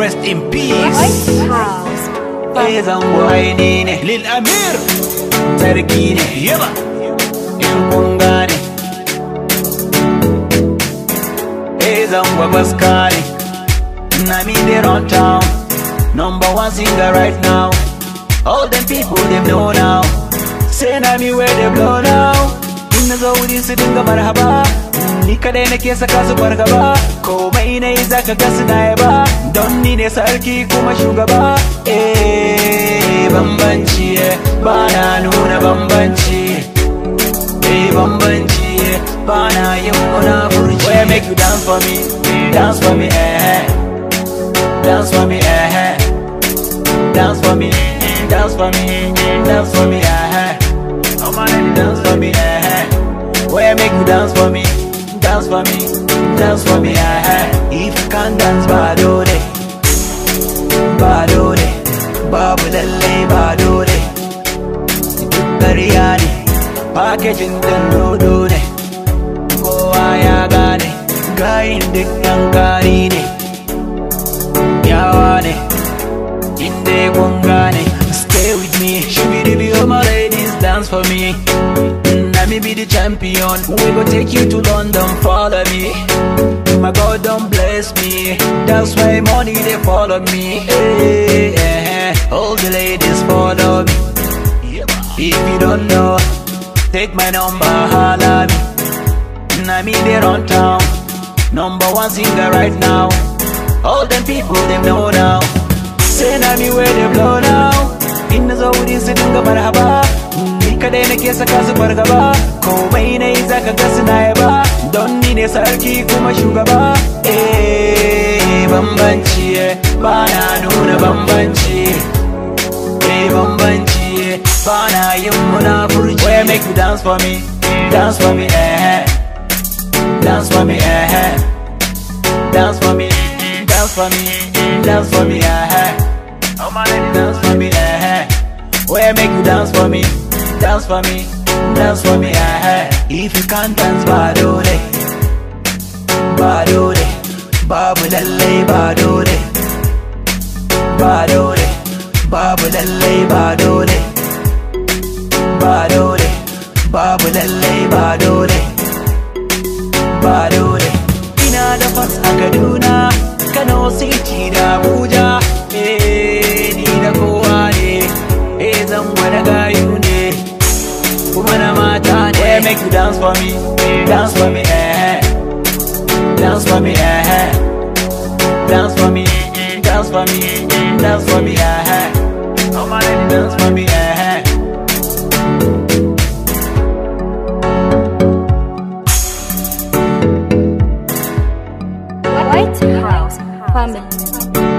rest in peace ايضا وعينيني للامير ترقيني يلا البنغاني ايضا وبسكاري نامي on town number one singer right now all them people them know now say nami where they blow now inna zaudi su dinga marhaba ni kadai nake saka su fargaba komai nayi zaka ga su na yaba don ni ne sarki kuma shugaba eh bambanci ba na nuna bambanci eh bambanci ba na yin munafurci where make you dance for me dance for me eh, eh. dance for me eh, eh dance for me dance for me dance for me eh oh eh. my dance for me eh where make you dance for me dance for me, dance for me, ah, if you can't dance, badore, badore, babu lalle badore, duk ƙarya ne, packaging ɗin rodo ne, kowa ya gane, gayin duk ɗan kari ne, yawa ne, inda kun stay with me, shibiri biyo my ladies, dance for me. Let me be the champion We go take you to London, follow me My God don't bless me That's why money they follow me hey, hey, hey. All the ladies follow me If you don't know Take my number, holla me And I mean they run town Number one singer right now All them people they know now Say na me where they blow now In the zone with this marhaba kadai nake saka su fargaba komai na yi zaka ga suna ba don ni ne sarki kuma shugaba eh bambanci eh, ba na nuna bambanci eh bambanci eh, ba na yin munafurci where make you dance for me dance for me eh, eh. dance for me eh dance for me dance for me dance for me eh oh my lady dance for me eh where make you dance for me Dance for me, dance for me, eh, eh. If you can't dance, badore, badore, Ba dole Babu lallai badore, badore, Ba dole Babu lallai ba dole Babu lallai ba dole Ba dole Ina da fas a Kano City da Abuja you dance for me, dance for me, eh? Dance for me, eh? Dance for me, dance for me, dance for me, eh? Come on, lady, dance for me, eh? White House family.